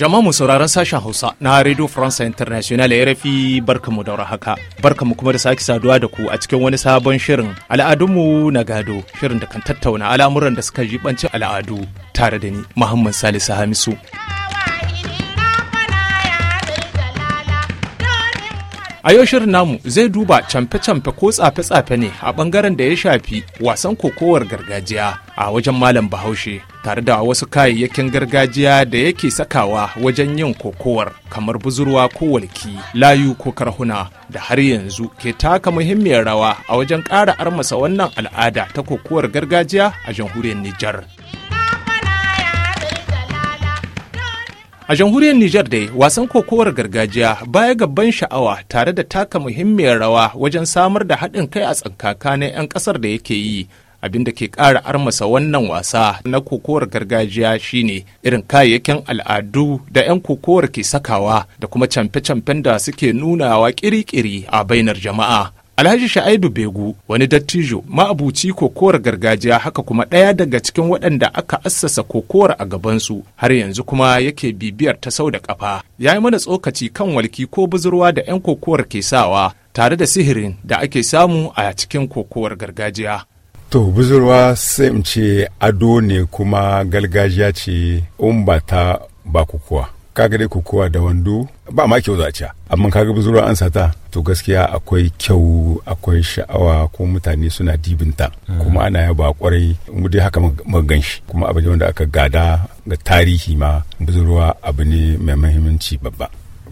Jama'a mu sauraron sashen Hausa na Radio France International RFI mu daura haka. mu kuma da sake saduwa da ku a cikin wani sabon shirin al'adunmu na gado, shirin da kan tattauna al'amuran da suka jibanci al'adu tare da ni Muhammad Salisu Hamisu. A yau shirin namu zai duba camfe-camfe ko tsafe-tsafe ne a bangaren da ya shafi wasan kokowar gargajiya a wajen Malam Bahaushe tare da wasu kayayyakin gargajiya da yake sakawa wajen yin kokowar kamar buzurwa ko walki, layu ko karhuna da har yanzu ke taka muhimmiyar rawa a wajen ƙara armasa wannan al'ada ta kokowar gargajiya a jamhuriyar Nijar. A jamhuriyar Nijar dai wasan kokowar gargajiya baya ga sha'awa tare da taka muhimmiyar rawa wajen samar da haɗin kai a na 'yan ƙasar da yake yi abinda ke ƙara armasa wannan wasa na kokowar gargajiya shine irin kayayyakin al'adu da 'yan kokowar ke sakawa da kuma camfe-camfen da suke nunawa ƙiriƙiri a bainar jama'a Alhaji Sha'aibu Begu wani dattijo ma'abuci kokowar gargajiya haka kuma ɗaya daga cikin waɗanda aka assasa kokowar a gabansu har yanzu kuma yake bibiyar ta sau da ƙafa. Ya yi mana tsokaci kan walki ko buzurwa da 'yan kokowar ke sawa tare da sihirin da ake samu a cikin kokowar gargajiya. To buzurwa sai in ce ado ne kuma gargajiya ce in ba ta ba kukuwa. kaga dai kokowa da wando ba ma kyau za a amma kaga buzurwa an sata to gaskiya akwai kyau akwai sha'awa ko mutane suna dibinta hmm. kuma ana yaba kwarai mu dai haka magan shi kuma abu ne wanda aka gada ga tarihi ma buzurwa abu ne mai mahimmanci babba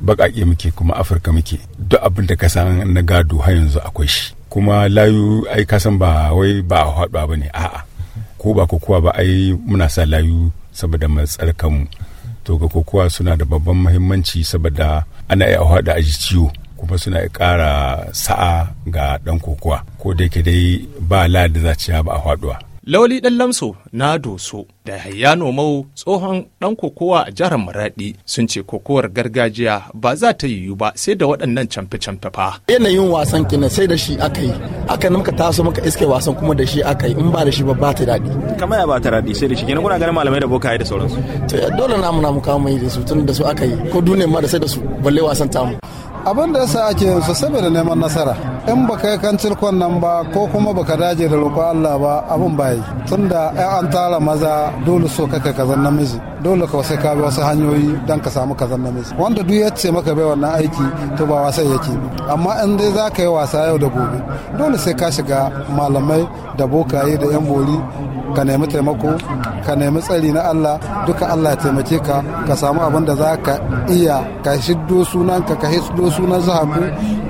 baƙaƙe muke kuma afirka muke duk abin da ka san na gado har yanzu akwai shi kuma layu ai kasan ba wai ba a haɗuwa ba ne a'a ko ba kokowa ba ai muna sa layu saboda mu to ga kokowa suna da babban mahimmanci saboda ana iya haɗa aji ciwo kuma suna ƙara sa'a ga ɗan kokowa ko da yake dai ba la da za ba a haɗuwa Lawali ɗan Lamso na Doso da Hayya Nomau tsohon ɗan kokowa a jihar Maraɗi sun ce kokowar gargajiya ba za ta yiwu ba sai da waɗannan camfe-camfe fa. Yanayin wasan kenan sai da shi aka yi. Aka muka taso muka iske wasan kuma da shi aka yi in ba da shi ba ba ta daɗi. Kama ya ba ta daɗi sai da shi kenan kuna ganin malamai da boka da sauransu. To dole namu namu kawo mai da su tun da su aka yi ko duniyar ma da sai da su balle wasan tamu. abin da yasa ake yin su saboda neman nasara in ba kai kan cirkon nan ba ko kuma baka daje da roƙon Allah ba abin ba yi tunda ai an tara maza dole so kaka kazan namiji dole ka sai ka bi wasu hanyoyi dan ka samu kazan namiji wanda duk ya ce maka bai wannan aiki to ba wasa yake amma in dai za ka yi wasa yau da gobe dole sai ka shiga malamai da bokaye da yan bori ka nemi taimako ka nemi tsari na Allah duka Allah ya taimake ka ka samu abin da za ka iya ka shiddo sunanka ka hiddo sunan zahabu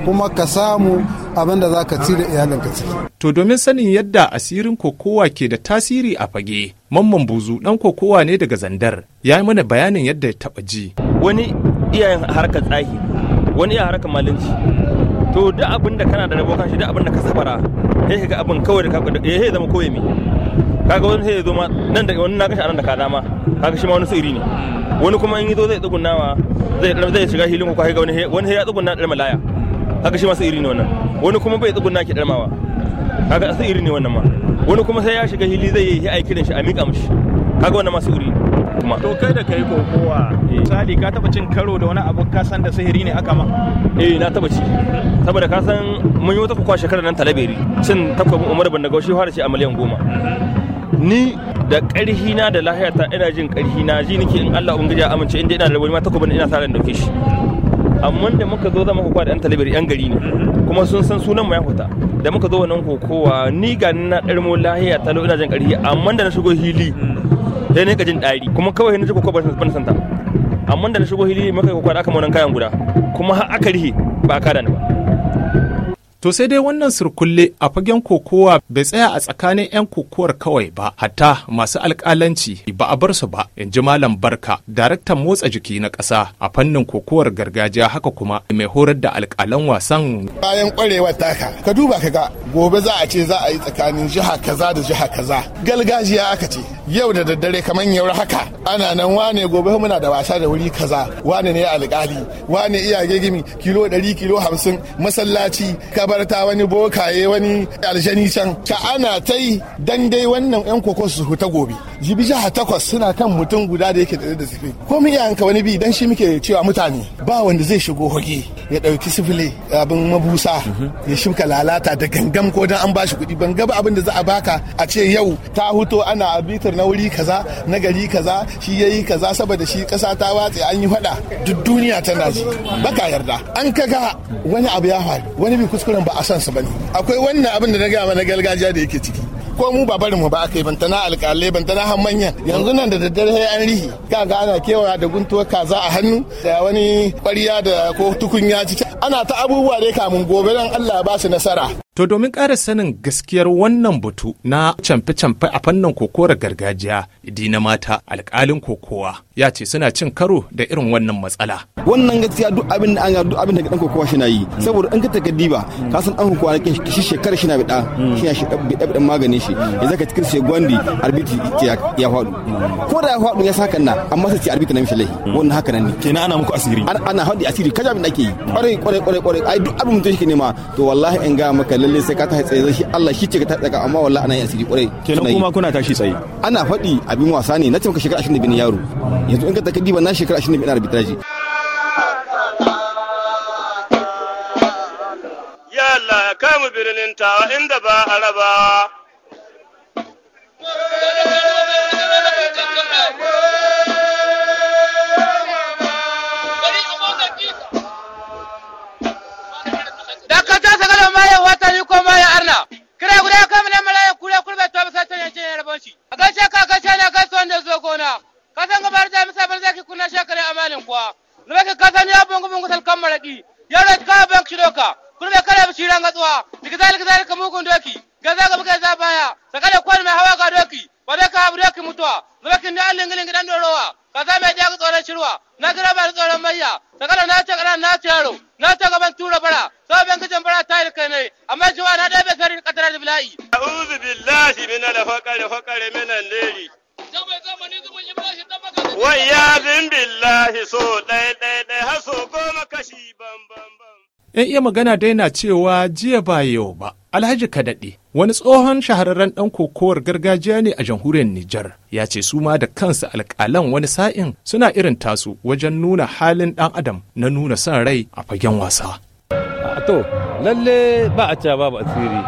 kuma ka samu abin da za ka ci da iyalinka ciki. To domin sanin yadda asirin kokowa ke da tasiri a fage, mamman buzu ɗan kokowa ne daga zandar ya yi mana bayanin yadda ya taɓa ji. Wani iyayen harkar tsahi, wani iyayen harkar malinci. To duk abin da kana da rabo kan shi duk abin da ka safara, ya ga abin kawai da ka ya zama koyami. kaga wani sai ya zo ma nan da wani na gashi anan da ka dama kaga shi ma wani sirri ne wani kuma in yi zo zai tsugunnawa zai zai shiga hilin ko ga wani wani ya tsugunna dalma laya kaga shi ma sirri ne wannan wani kuma bai tsugunna ke dalmawa kaga sirri ne wannan ma wani kuma sai ya shiga hili zai yi aiki da shi a miƙa mishi kaga wannan ma sirri kuma to kai da kai kokowa misali ka taba cin karo da wani abu ka san da sihiri ne aka ma eh na taba ci saboda ka san mun yi wata kwakwa shekarar nan talaberi cin takwa umar ban daga shi fara ce a miliyan goma ni da ƙarhi na da lahiyata ina jin ƙarhi na ji nake in Allah ubangiji ya amince inda ina da wani mata kuma ina sa ran dauke shi amma da muka zo zama kokowa da yan talibir yan gari ne kuma sun san sunan mu ya fita da muka zo wannan kokowa ni ga na ɗarmo lahiya ta ina jin ƙarhi amma da na shigo hili sai ne ka jin ɗari kuma kawai na ji kokowa ban santa amma da na shigo hili muka kokowa da aka mu kayan guda kuma har aka rihe ba ka da ni ba To sai dai wannan surkulle a fagen kokowa bai tsaya a tsakanin 'yan kokowar kawai ba, hatta masu alkalanci ba a bar su ba, in ji Malam Barka, daraktan motsa jiki na ƙasa a fannin kokowar gargajiya haka kuma mai horar da alkalan wasan. Bayan ƙwarewar taka, ka duba ka ga gobe za a ce za a yi tsakanin jiha kaza da jiha kaza. Galgajiya aka ce, yau da daddare kamar yau haka ana nan wane gobe muna da wasa da wuri kaza wane ne alƙali wane iyage gimi kilo 100 kilo 50 masallaci kabarta wani bokaye wani aljani can ka ana ta yi dan dai wannan yan koko su huta gobe jibi jiha takwas suna kan mutum guda da yake da sifili ko mu iyayenka wani bi dan shi muke cewa mutane ba wanda zai shigo hoge ya dauki sifili abin mabusa ya shimka lalata da gangam ko dan an bashi kuɗi ban gaba abin da za a baka a ce yau ta huto ana abitar na wuri kaza na gari kaza shi yayi kaza saboda shi kasa ta watse an yi fada duk duniya tana ji baka yarda an kaga wani abu ya faru wani bi kuskuren ba a san su bane akwai wannan abin da na gaya mana gargajiya da yake ciki ko mu ba barin mu ba aka yi bantana alƙalai bantana har manyan yanzu nan da daddare an rihi kaga ana kewaya da guntuwar kaza a hannu da wani ƙwarya da ko tukunya ciki ana ta abubuwa dai kamun gobe dan Allah ba su nasara To domin ƙara sanin gaskiyar wannan batu na camfe-camfe a fannin kokowar gargajiya na mata alƙalin kokowa ya ce suna cin karo da irin wannan matsala. Wannan gaskiya duk abin da an duk abin da ɗan kokowa shi na yi saboda in ka ta ba ka san ɗan kokowa na shi shekara shi na biɗa shi na biɗan maganin shi ya zaka cikin shi gwandi arbiti ya faɗu. Ko da ya faɗu ya saka na amma sai ce arbiti na mishi lahi wannan haka nan ne. Kenan ana muku asiri. Ana haɗi asiri kaji abin da ake yi. Ƙwarai ƙwarai ƙwarai ƙwarai ai duk abin mutum shi ke nema to wallahi in ga maka lalle sai ka ta tsaye shi Allah shi ce ka ta tsaka amma wallahi ana yin asiri kwarai kenan kuma kuna tashi tsaye ana faɗi abin wasa ne na cewa maka shekara 25 yaro yanzu in ka taka diba na shekara 25 ina arbitraji ya Allah ya kamu birnin tawa inda ba arabawa cewa na ɗaya bai kari ƙadarar da bila'i. A'udhu billahi min al-faqari faqari min an-nari. Wa zin billahi so dai dai dai har so goma kashi bam bam bam. ‘Yan iya magana dai na cewa jiya ba yau ba, Alhaji Kadaɗe, wani tsohon shahararren ɗan kokowar gargajiya ne a jamhuriyar Nijar, ya ce su ma da kansu alƙalan wani sa'in suna irin tasu wajen nuna halin ɗan adam na nuna son rai a fagen wasa. to lalle ba a ca babu asiri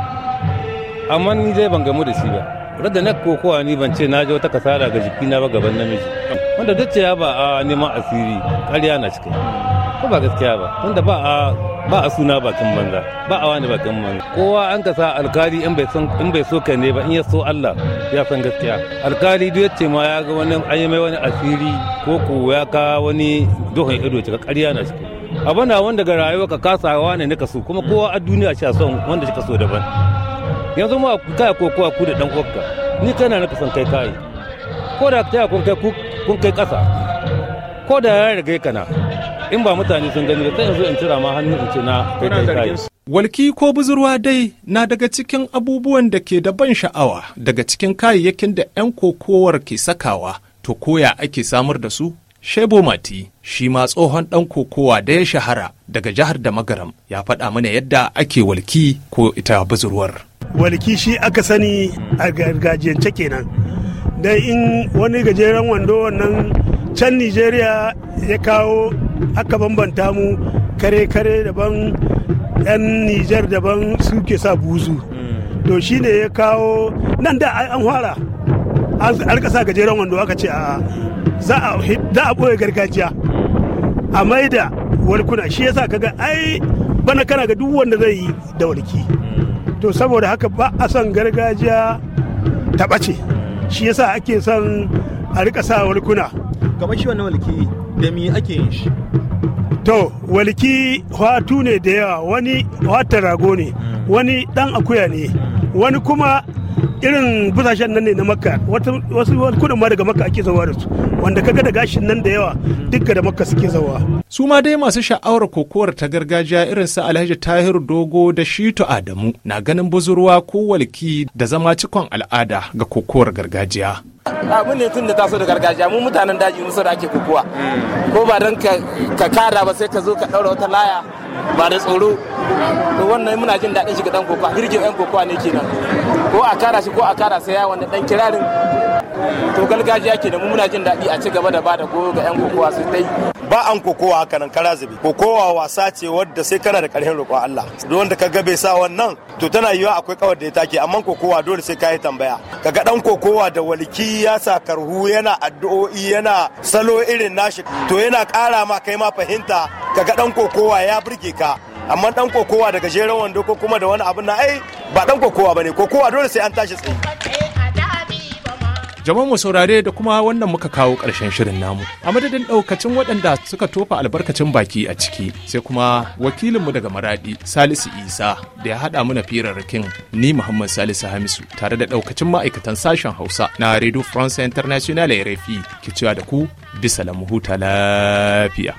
amma ni zai ban gamu da shi ba radda na kokowa ni ban ce na ji wata kasara ga jikina ba gaban namiji wanda duk ce ba a neman asiri ƙarya na cikin ko ba gaskiya ba wanda ba a ba a suna bakin banza ba a wani bakin banza kowa an ka sa alkali in bai son in bai so ka ne ba in ya so Allah ya san gaskiya alkali duk yace ma ya ga wani an yi mai wani asiri ko ko ya ka wani duhun ido ka ƙarya na cikin abin wanda ga rayuwa ka kasawa ne nika so kuma kowa a duniya shi son wanda shi so daban yanzu ma kaya ko kowa ku da dan uwarka ni kana naka son kai kai ko da ta kun kai kun kai kasa ko da ya riga kana in ba mutane sun gani sai yanzu in cira ma hannu in ce na kai kai kai Walki ko buzurwa dai na daga cikin abubuwan da ke da ban sha'awa daga cikin kayayyakin da 'yan kokowar ke sakawa, to koya ake samar da su? Shebo Mati shi ma tsohon ɗan kokowa da ya shahara daga jihar da magaram ya faɗa mana yadda ake walki ko ita buzurwar. Walki shi aka sani a gargajiyance kenan. dai in wani gajeren wando wannan can Nijeriya ya kawo aka bambanta mu kare-kare daban 'yan Nijar daban suke sa buzu. To shi ne ya kawo nan da an fara an gajeren wando aka ce a za a ɓoye gargajiya a maida walkuna shi yasa kaga ai bana kana ga duk wanda zai yi da walki to saboda haka ba a son gargajiya ta ɓace shi yasa ake son a rika sa walkuna kamar shi wannan walki da mi ake yin shi to walki hatu ne da yawa wani wata rago ne hmm. wani dan akuya ne hmm. wani kuma irin busashen nan ne na makka wasu kudin ma daga makka ake zawa da su wanda kaga da gashin nan da yawa dukka da makka suke zawa su ma dai masu sha'awar kokowar ta gargajiya irin su alhaji tahir dogo da shito adamu na ganin buzurwa ko walki da zama cikon al'ada ga kokowar gargajiya abin ne tun da taso da gargajiya mu mutanen daji musu da ake kukuwa mm. ko ba don ka kada ba sai ka zo ka ɗaura wata laya ba da tsoro to wannan muna jin daɗin shiga ɗan kokowa girgin ɗan kokowa ne kenan ko a kara shi ko a kara sai ya wanda ɗan kirarin to gargajiya ke da mu muna jin daɗi a ci gaba da bada goyo ga ɗan kokowa su dai ba an kokowa haka nan kara zube kokowa wasa ce wadda sai kana da ƙarfin roƙon Allah don da ka ga bai sa wannan to tana yiwa akwai kawar da ya take amma kokowa dole sai ka yi tambaya kaga dan kokowa da waliki ya sa karhu yana addu'o'i yana salo irin nashi to yana kara ma kai ma fahimta kaga ɗan kokowa ya burge ka amma ɗan kokowa daga gajeren wando ko kuma da wani abu na ai ba ɗan kokowa ne kokowa dole sai an tashi tsaye jama'a mu saurare da kuma wannan muka kawo ƙarshen shirin namu a madadin ɗaukacin waɗanda suka tofa albarkacin baki a ciki sai kuma wakilinmu daga maradi salisu isa da ya haɗa mana firarrakin ni muhammad salisu hamisu tare da ɗaukacin ma'aikatan sashen hausa na radio france international rfi ke cewa da ku bisa lamu huta lafiya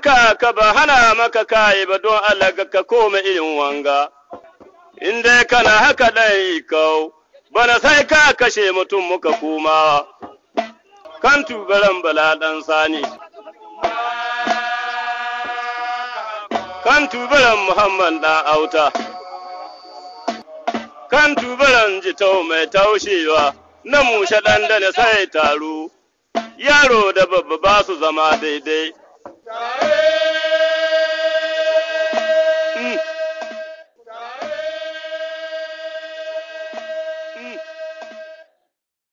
ka ka ba hana maka kayi ba don Allah ga ka koma irin wanga. In dai kana haka ɗan kau, bana sai ka kashe mutum muka kuma kan tubaran bala ɗan sani. Kan tubaran Muhammad ɗan auta. Kan tubaran jitau mai taushewa, na mushe ɗan da sai taru. yaro da babba ba su zama daidai. Aê!